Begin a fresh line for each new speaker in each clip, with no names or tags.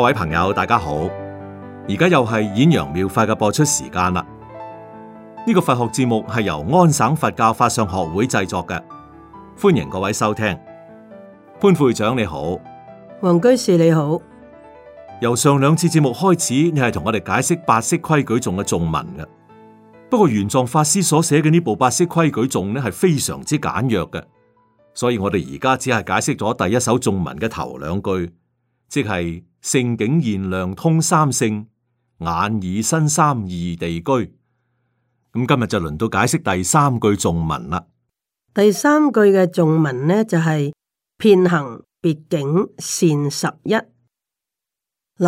各位朋友，大家好！而家又係演揚妙法嘅播出時間啦。呢個佛學節目係由安省佛教法相學會製作嘅，歡迎各位收聽。潘會長你好，
黃居士你好。
由上兩次節目開始，你係同我哋解釋《八識規矩》頌嘅頌文嘅。不過原狀法師所寫嘅呢部《八識規矩》頌呢，係非常之簡約嘅，所以我哋而家只係解釋咗第一首頌文嘅頭兩句，即係。性境現量通三性，眼耳身三二地居。咁今日就輪到解釋第三句頌文啦。
第三句嘅頌文呢，就係、是、遍行別境善十一。嗱、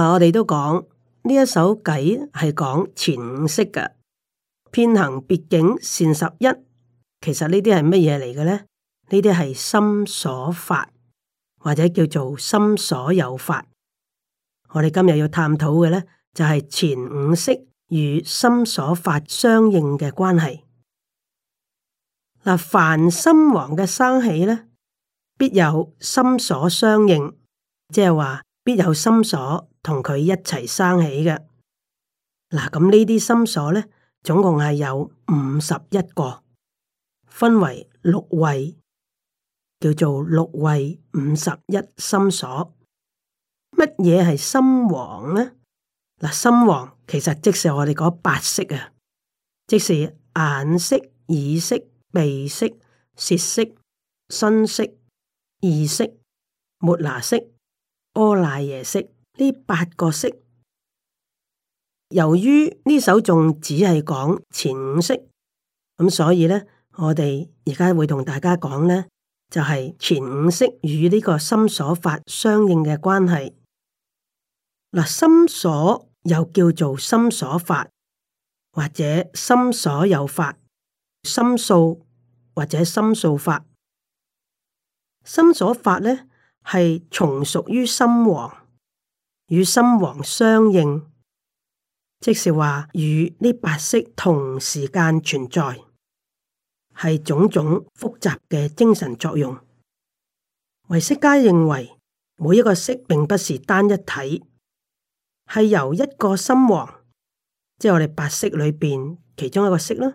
呃，我哋都講呢一首偈係講前五識嘅遍行別境善十一。其實呢啲係乜嘢嚟嘅呢？呢啲係心所法，或者叫做心所有法。我哋今日要探討嘅呢，就係前五識與心所法相應嘅關係。嗱，凡心王嘅生起呢，必有心所相應，即係話必有心所同佢一齊生起嘅。嗱，咁呢啲心所呢，總共係有五十一個，分為六位，叫做六位五十一心所。乜嘢係心王呢？嗱，心王其實即是我哋講八識啊，即是眼識、耳識、鼻識、舌識、身識、意識、末那識、阿賴耶識呢八個識。由於呢首仲只係講前五識，咁所以呢，我哋而家會同大家講呢，就係、是、前五識與呢個心所法相應嘅關係。嗱，心所又叫做心所法，或者心所有法、心數或者心數法。心所法呢，係從屬於心王，與心王相應，即是話與呢八識同時間存在，係種種複雜嘅精神作用。唯識家認為，每一個識並不是單一體。係由一個心王，即係我哋八識裏邊其中一個識啦，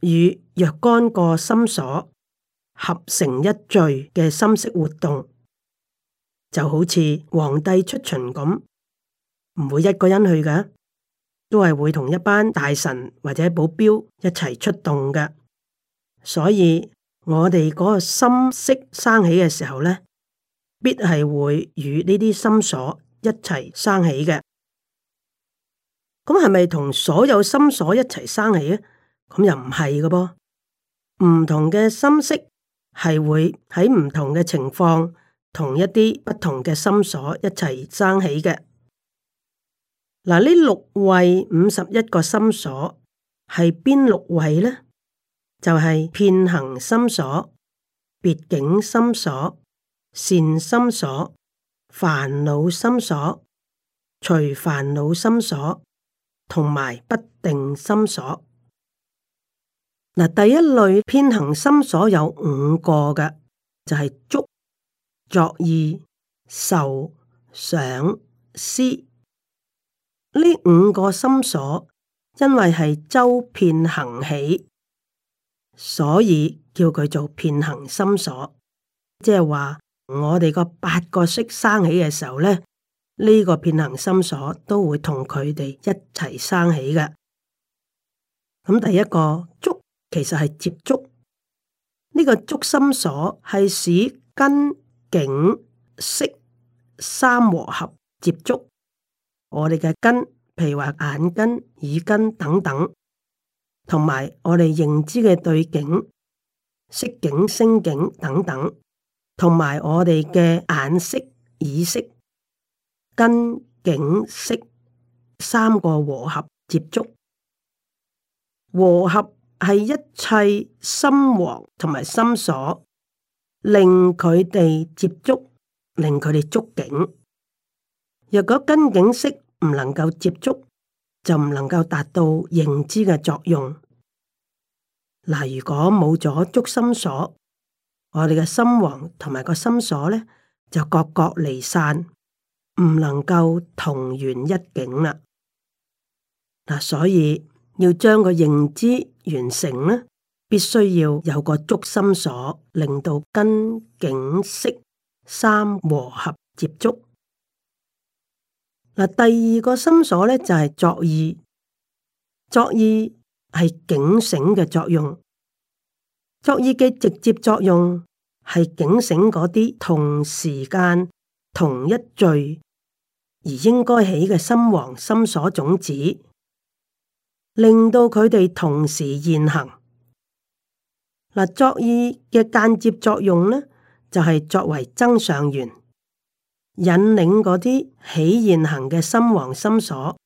與若干個心所合成一聚嘅心識活動，就好似皇帝出巡咁，唔會一個人去噶，都係會同一班大臣或者保鏢一齊出動嘅。所以我哋嗰個心識生起嘅時候呢，必係會與呢啲心所，一齊生起嘅，咁係咪同所有心所一齊生起啊？咁又唔係嘅噃，唔同嘅心式係會喺唔同嘅情況同一啲不同嘅心，心所一齊生起嘅。嗱，呢六位五十一個心所係邊六位呢？就係、是、遍行心所、別境心所、善心所。煩惱心所、除煩惱心所同埋不定心所。嗱，第一類遍行心所有五個嘅，就係、是、觸、作意、受、想、思呢五個心所，因為係周遍行起，所以叫佢做遍行心所，即係話。我哋個八個識生起嘅時候咧，呢、這個遍行心所都會同佢哋一齊生起嘅。咁第一個觸，其實係接觸呢、這個觸心所，係使根境識三和合接觸我哋嘅根，譬如話眼根、耳根等等，同埋我哋認知嘅對境、色境、聲境等等。同埋我哋嘅眼識、耳識、根境識三個和合接觸，和合係一切心王同埋心所，令佢哋接觸，令佢哋觸境。若果根境識唔能夠接觸，就唔能夠達到認知嘅作用。嗱、呃，如果冇咗觸心所，我哋嘅心王同埋個心所咧，就各各離散，唔能夠同緣一境啦。嗱、啊，所以要將個認知完成咧，必須要有個觸心所，令到根境識，三和合接觸。嗱、啊，第二個心所咧就係、是、作意，作意係警醒嘅作用。作意嘅直接作用係警醒嗰啲同時間同一聚而應該起嘅心王心所種子，令到佢哋同時現行。嗱，作意嘅間接作用呢，就係、是、作為增上緣，引領嗰啲起現行嘅心王心所，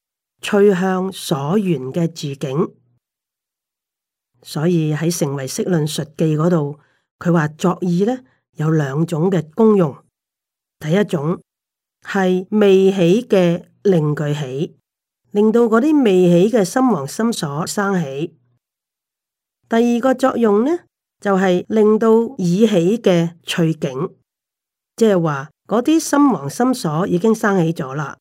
趣向所緣嘅注境。所以喺《成唯識論述記》嗰度，佢話作意咧有兩種嘅功用。第一種係未起嘅令佢起，令到嗰啲未起嘅心王心所生起。第二個作用呢，就係、是、令到已起嘅趣境，即係話嗰啲心王心所已經生起咗啦，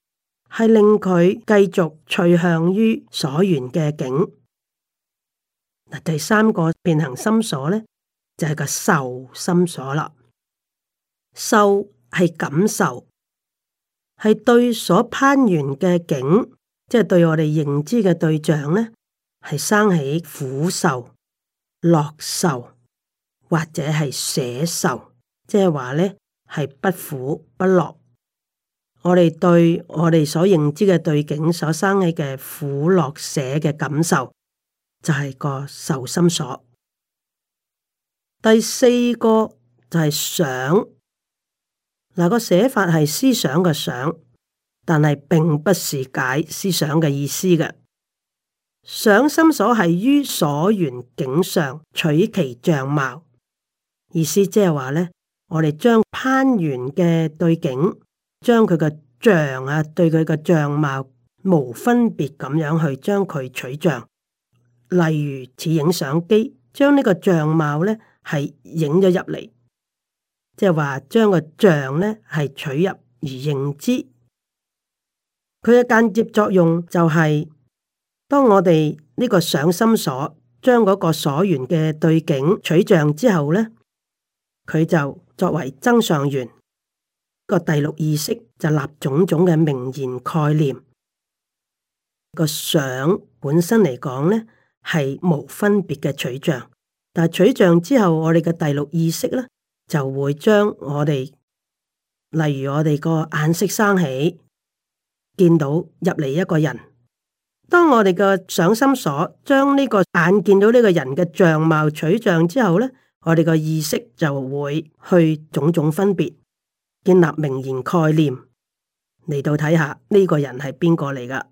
係令佢繼續趣向於所緣嘅境。第三個遍行心所呢，就係、是、個受心所啦。受係感受，係對所攀緣嘅境，即、就、係、是、對我哋認知嘅對象呢，係生起苦受、樂受或者係捨受，即係話呢，係不苦不樂。我哋對我哋所認知嘅對境所生起嘅苦、樂、捨嘅感受。就係個受心所，第四個就係想，嗱、那個寫法係思想嘅想，但係並不是解思想嘅意思嘅。想心所係於所緣境上取其相貌，意思即係話呢：「我哋將攀緣嘅對境，將佢嘅相啊，對佢嘅相貌無分別咁樣去將佢取像。」例如似影相機，將個呢個相貌咧係影咗入嚟，即係話將個像咧係取入而認知。佢嘅間接作用就係、是，當我哋呢個想心所將嗰個所緣嘅對境取像之後咧，佢就作為增上緣，這個第六意識就立種種嘅名言概念。這個相本身嚟講咧。係無分別嘅取象，但係取象之後，我哋嘅第六意識呢，就會將我哋，例如我哋個眼識生起，見到入嚟一個人，當我哋個上心所將呢個眼見到呢個人嘅相貌取象之後呢，我哋個意識就會去種種分別，建立名言概念嚟到睇下呢個人係邊個嚟噶？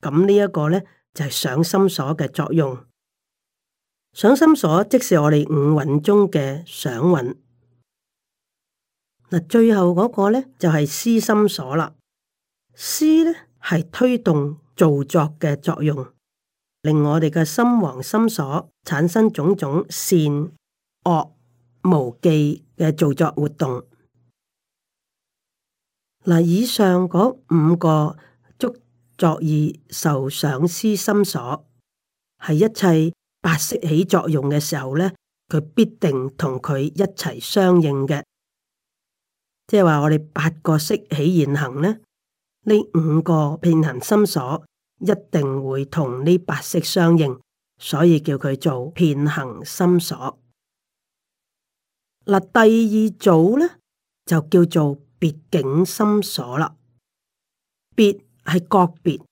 咁呢一個呢，就係想心所嘅作用，想心所即是我哋五蘊中嘅想蘊。嗱，最後嗰個呢，就係、是、思心所啦。思呢係推動造作嘅作用，令我哋嘅心王心所產生種種善惡無記嘅造作活動。嗱，以上嗰五個足。作意受想思心所，係一切八識起作用嘅時候呢，佢必定同佢一齊相應嘅。即係話我哋八個識起現行呢，呢五個遍行心所一定會同呢八識相應，所以叫佢做遍行心所。嗱，第二組呢，就叫做別境心所啦，別。係個別，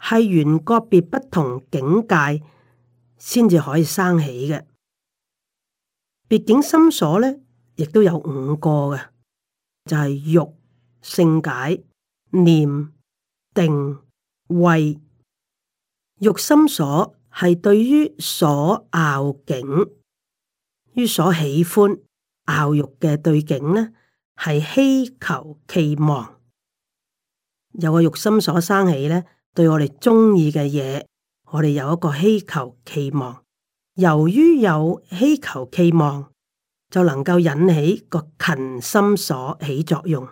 係原個別不同境界，先至可以生起嘅。別境心所咧，亦都有五個嘅，就係、是、欲、性解、念、定、慧。欲心所係對於所拗境，於所喜歡拗欲嘅對境呢，係希求期望。有個欲心所生起咧，對我哋中意嘅嘢，我哋有一個希求期望。由於有希求期望，就能夠引起個勤心所起作用。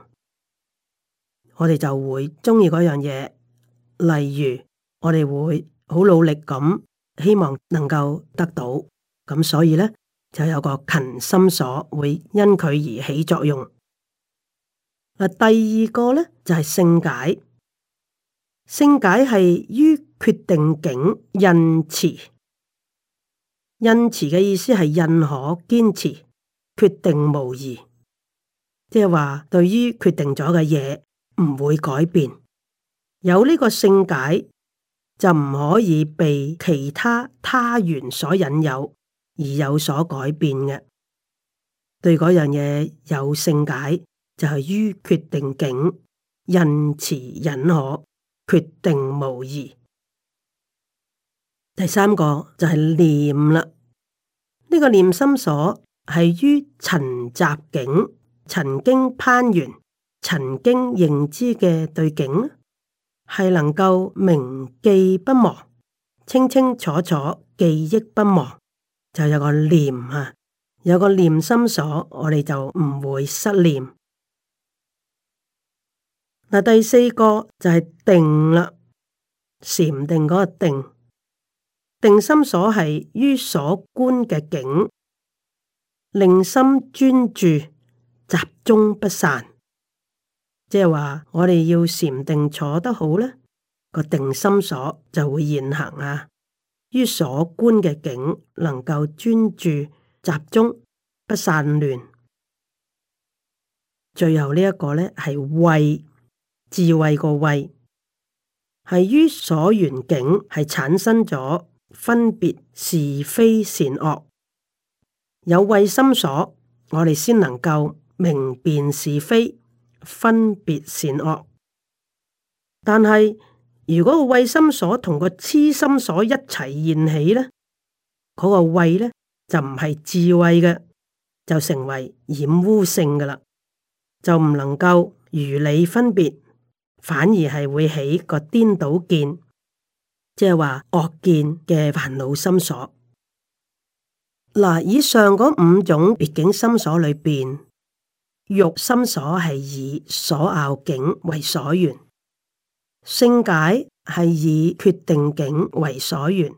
我哋就會中意嗰樣嘢，例如我哋會好努力咁，希望能夠得到。咁所以咧，就有個勤心所會因佢而起作用。第二個呢，就係、是、勝解。勝解係於決定境印持，印持嘅意思係認可堅持，決定無疑，即係話對於決定咗嘅嘢，唔會改變，有呢個勝解就唔可以被其他他緣所引誘而有所改變嘅，對嗰樣嘢有勝解。就係於決定境，印持忍可，決定無疑。第三個就係念啦，呢、這個念心所係於曾習境，曾經攀緣、曾經認知嘅對境，係能夠明記不忘，清清楚楚記憶不忘，就有個念啊，有個念心所，我哋就唔會失念。第四個就係定啦，禪定嗰個定，定心所係於所觀嘅境，令心專注、集中不散。即係話我哋要禪定坐得好呢、呢個定心所就會現行啊。於所觀嘅境，能夠專注、集中不散亂。最後呢一個呢，係慧。智慧個慧係於所緣境係產生咗分別是非善惡，有慧心所，我哋先能夠明辨是非、分別善惡。但係如果個慧心所同個痴心所一齊現起，那個、呢，嗰個慧呢就唔係智慧嘅，就成為染污性嘅啦，就唔能夠如理分別。反而係會起個顛倒見，即係話惡見嘅煩惱心所。嗱，以上嗰五種別境心所裏邊，欲心所係以所樂境為所緣，勝解係以決定境為所緣，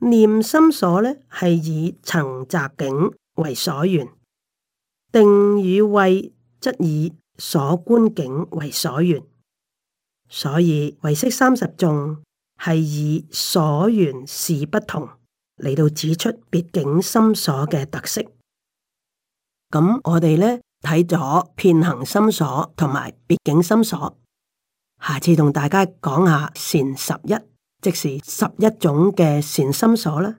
念心所呢係以曾習境為所緣，定與慧則以。所觀境為所緣，所以唯識三十頌係以所緣事不同嚟到指出別境心所嘅特色。咁我哋呢睇咗遍行心所同埋別境心所，下次同大家講下善十一，即是十一種嘅善心所啦。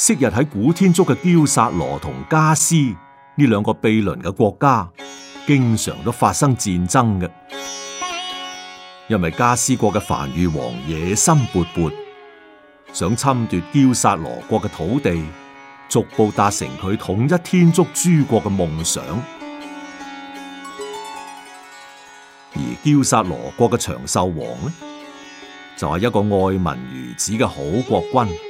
昔日喺古天竺嘅憍薩羅同加斯呢兩個毗鄰嘅國家，經常都發生戰爭嘅，因為加斯國嘅梵御王野心勃勃，想侵奪憍薩羅國嘅土地，逐步達成佢統一天竺諸國嘅夢想。而憍薩羅國嘅長壽王呢，就係、是、一個愛民如子嘅好國君。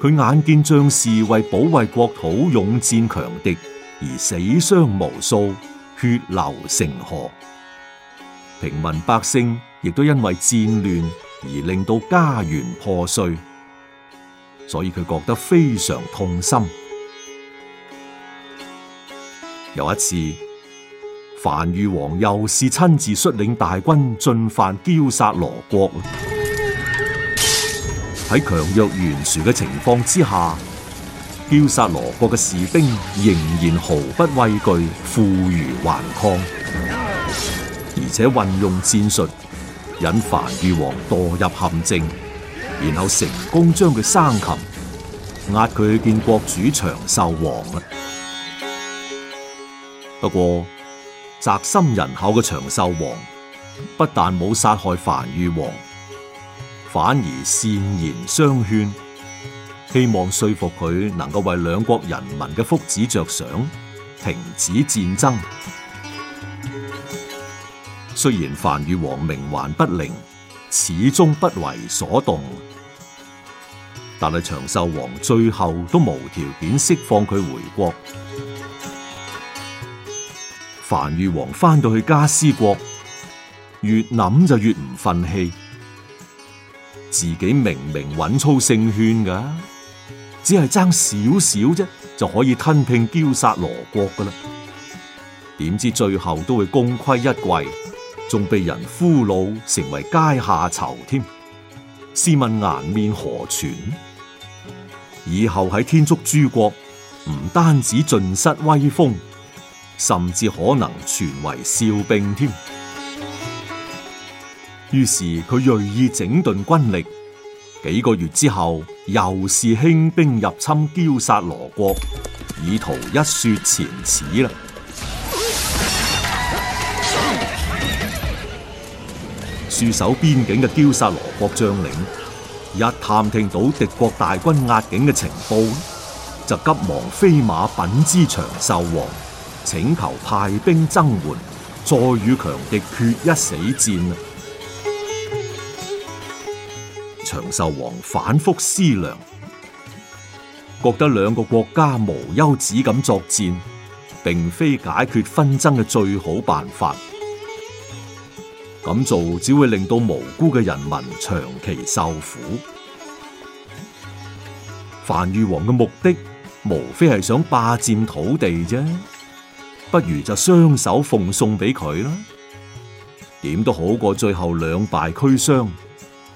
佢眼見將士為保衛國土、勇戰強敵而死傷無數，血流成河；平民百姓亦都因為戰亂而令到家園破碎，所以佢覺得非常痛心。有一次，梵豫王又是親自率領大軍進犯憍殺羅國。喺強弱懸殊嘅情況之下，驕殺羅國嘅士兵仍然毫不畏懼，負隅頑抗，而且運用戰術引樊於王墮入陷阱，然後成功將佢生擒，押佢去見國主長壽王。不過，宅心仁厚嘅長壽王不但冇殺害樊於王。反而善言相勸，希望說服佢能夠為兩國人民嘅福祉着想，停止戰爭。雖然樊與王冥頑不靈，始終不為所動，但係長壽王最後都無條件釋放佢回國。樊與王返到去家思國，越諗就越唔忿氣。自己明明穩操勝券噶，只係爭少少啫，就可以吞併憍薩羅國噶啦。點知最後都會功虧一簣，仲被人俘虜，成為階下囚添。試問顏面何存？以後喺天竺諸國，唔單止盡失威風，甚至可能傳為笑柄添。於是佢銳意整頓軍力，幾個月之後，又是興兵入侵憍殺羅國，以圖一雪前恥啦。戍 守邊境嘅憍殺羅國將領一探聽到敵國大軍壓境嘅情報，就急忙飛馬稟知長壽王，請求派兵增援，再與強敵決一死戰。長壽王反覆思量，覺得兩個國家無休止咁作戰，並非解決紛爭嘅最好辦法。咁做只會令到無辜嘅人民長期受苦。范玉王嘅目的，無非係想霸佔土地啫。不如就雙手奉送俾佢啦，點都好過最後兩敗俱傷。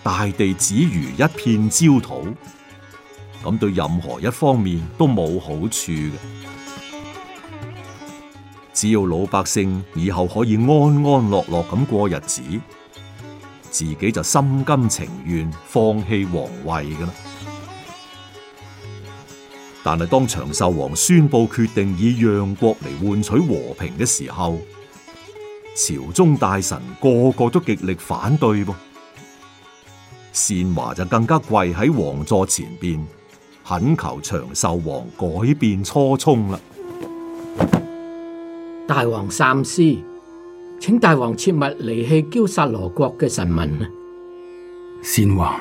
大地只如一片焦土，咁對任何一方面都冇好處嘅。只要老百姓以後可以安安樂樂咁過日子，自己就心甘情願放棄皇位嘅啦。但係當長壽王宣佈決定以讓國嚟換取和平嘅時候，朝中大臣個個都極力反對噃。善華就更加跪喺王座前邊，懇求長壽王改變初衷啦！大王三思，請大王切勿離
棄憍薩羅國嘅臣民啊！善華，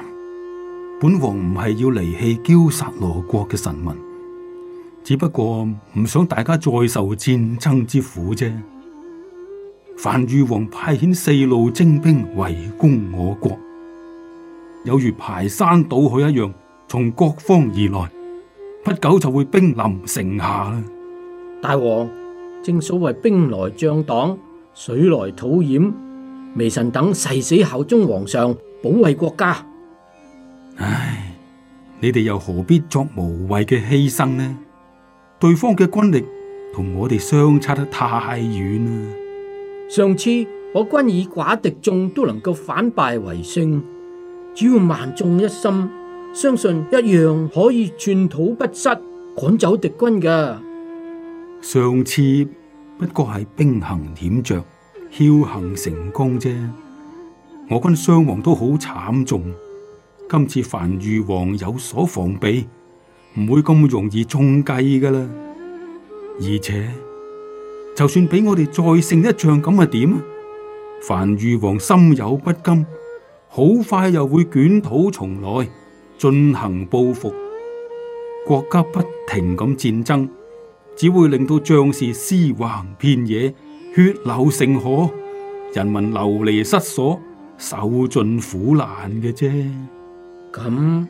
本王唔係要離棄憍薩羅國嘅臣民，只不過唔想大家再受戰爭之苦啫。梵豫王派遣四路精兵圍攻我國。有如排山倒海一樣從各方而來，不久就會兵臨城下啦。大王，正所謂兵來將擋，水來土掩，
微臣等誓死效忠皇上，保衛國家。
唉，你哋又何必作無謂嘅犧牲呢？對方嘅軍力同我哋相差得太遠啦。上次我軍以寡敵眾都能夠反敗為勝。只要萬眾一心，
相信一樣可以寸土不失，趕走敵軍噶。
上次不過係兵行險着，僥倖成功啫。我軍傷亡都好慘重，今次梵豫王有所防備，唔會咁容易中計噶啦。而且就算俾我哋再勝一仗咁啊點？梵豫王心有不甘。好快又會捲土重來，進行報復，國家不停咁戰爭，只會令到將士屍橫遍野，血流成河，人民流離失所，受盡苦難嘅啫。咁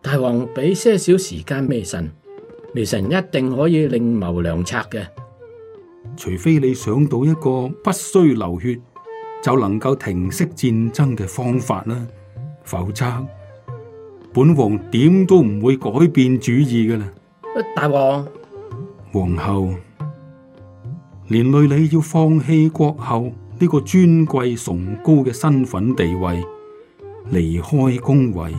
大王俾些少時間微臣，微臣一定可以另謀良策嘅。除非你想到一個不需流血，就能夠停息戰爭嘅方法啦，否則本王點都唔會改變主意㗎喇。大王，皇后連累你要放棄國後呢個尊貴崇高嘅身份地位，離開宮位，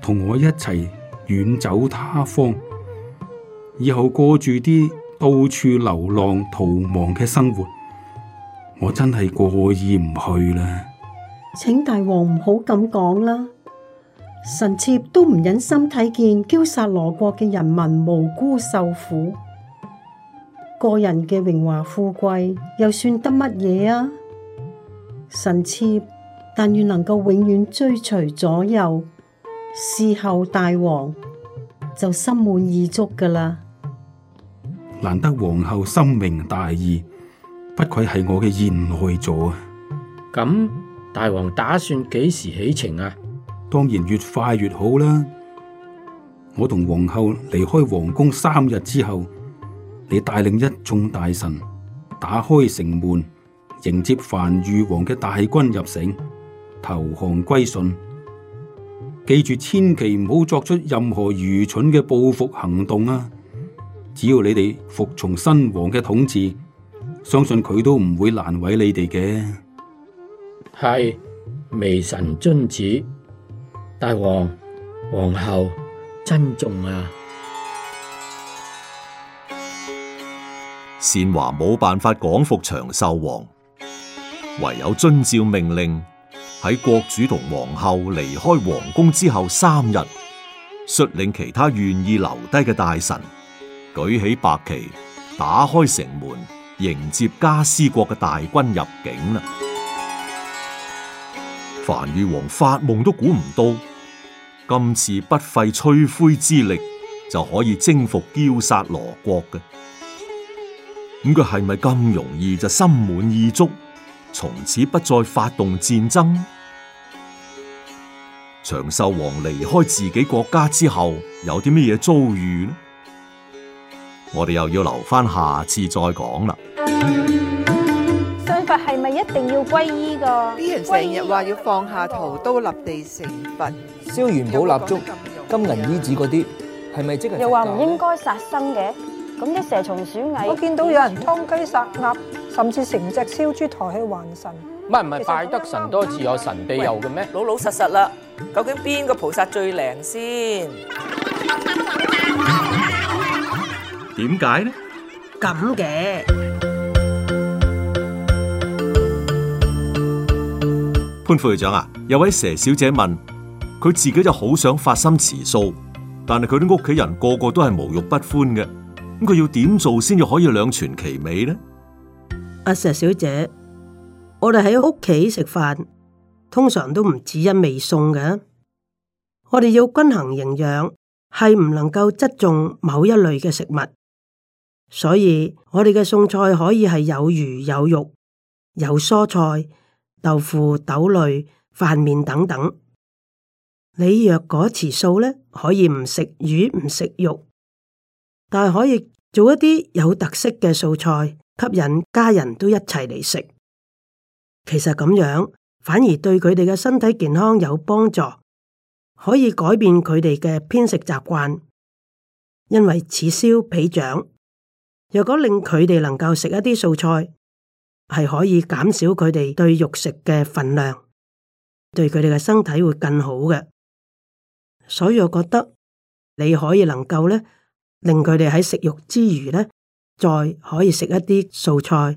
同我一齊遠走他方，以後過住啲到處流浪逃亡嘅生活。我真係過意唔去啦，
請大王唔好咁講啦，臣妾都唔忍心睇見憍薩羅國嘅人民無辜受苦，個人嘅榮華富貴又算得乜嘢啊？臣妾但願能夠永遠追隨左右，侍候大王就心滿意足噶啦。
難得皇后深明大義。不愧係我嘅賢內助啊！咁大王打算幾時起程啊？當然越快越好啦！我同皇后離開皇宮三日之後，你帶領一眾大臣打開城門，迎接樊御王嘅大軍入城，投降歸順。記住，千祈唔好作出任何愚蠢嘅報復行動啊！只要你哋服從新王嘅統治。相信佢都唔會難為你哋嘅。係，微臣遵旨，大王、
皇后珍重啊！善華冇辦法降服長壽王，唯有遵照命令喺國主同皇后離開皇宮之後三日，率領其他願意留低嘅大臣，舉起白旗，打開城門。迎接迦尸國嘅大軍入境啦！梵豫王發夢都估唔到，今次不費吹灰之力就可以征服憍薩羅國嘅。咁佢係咪咁容易就心滿意足，從此不再發動戰爭？長壽王離開自己國家之後，有啲咩嘢遭遇呢？我哋又要留翻下，下次再講啦。
信佛係咪一定要皈依
噶？啲人成日話要放下屠刀立地成佛，燒元寶蠟燭、金銀衣紙嗰啲，係咪即係？又話唔應
該殺生嘅，咁啲蛇蟲鼠蟻，我見到有人劏雞殺鴨，甚至成隻燒豬抬去還神。唔
係唔係，拜得神多自有神庇佑嘅咩？老老實實啦，究竟邊個菩薩最靈
先？
點解呢？
咁嘅。
潘副隊長啊，有位佘小姐問，佢自己就好想發心持素，但係佢啲屋企人個個都係無肉不歡嘅，咁佢要點做先至可以兩全其美呢？
阿佘小姐，我哋喺屋企食飯，通常都唔止一味餸嘅，我哋要均衡營養，係唔能夠側重某一類嘅食物，所以我哋嘅餸菜可以係有魚有肉有蔬菜。豆腐、豆類、飯麵等等，你若果持素咧，可以唔食魚唔食肉，但係可以做一啲有特色嘅素菜，吸引家人都一齊嚟食。其實咁樣反而對佢哋嘅身體健康有幫助，可以改變佢哋嘅偏食習慣，因為此消彼長，若果令佢哋能夠食一啲素菜，係可以減少佢哋對肉食嘅份量，對佢哋嘅身體會更好嘅。所以我覺得你可以能夠咧，令佢哋喺食肉之餘咧，再可以食一啲素菜，而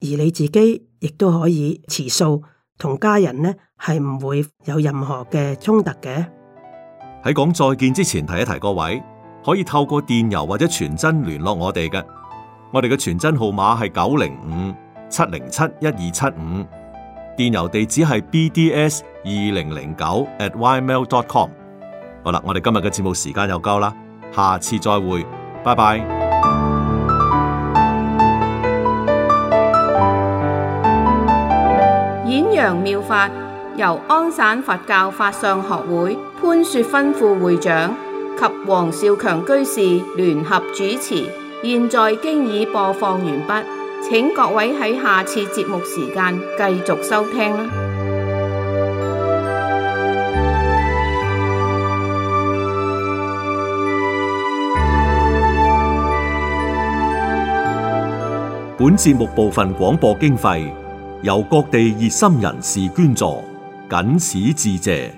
你自己亦都可以持素，同家人咧係唔會有任何嘅衝突嘅。
喺講再見之前提一提，各位可以透過電郵或者傳真聯絡我哋嘅，我哋嘅傳真號碼係九零五。七零七一二七五，75，電郵地址係 bds 二零零九 @ymail.com。好啦，我哋今日嘅節目時間又夠啦，下次再會，拜拜。
演揚妙法由安省佛教法相學會潘雪芬副會長及黃少強居士聯合主持，現在經已播放完畢。請各位喺下次節目時間繼續收聽啦。
本節目部分廣播經費由各地熱心人士捐助，謹此致謝。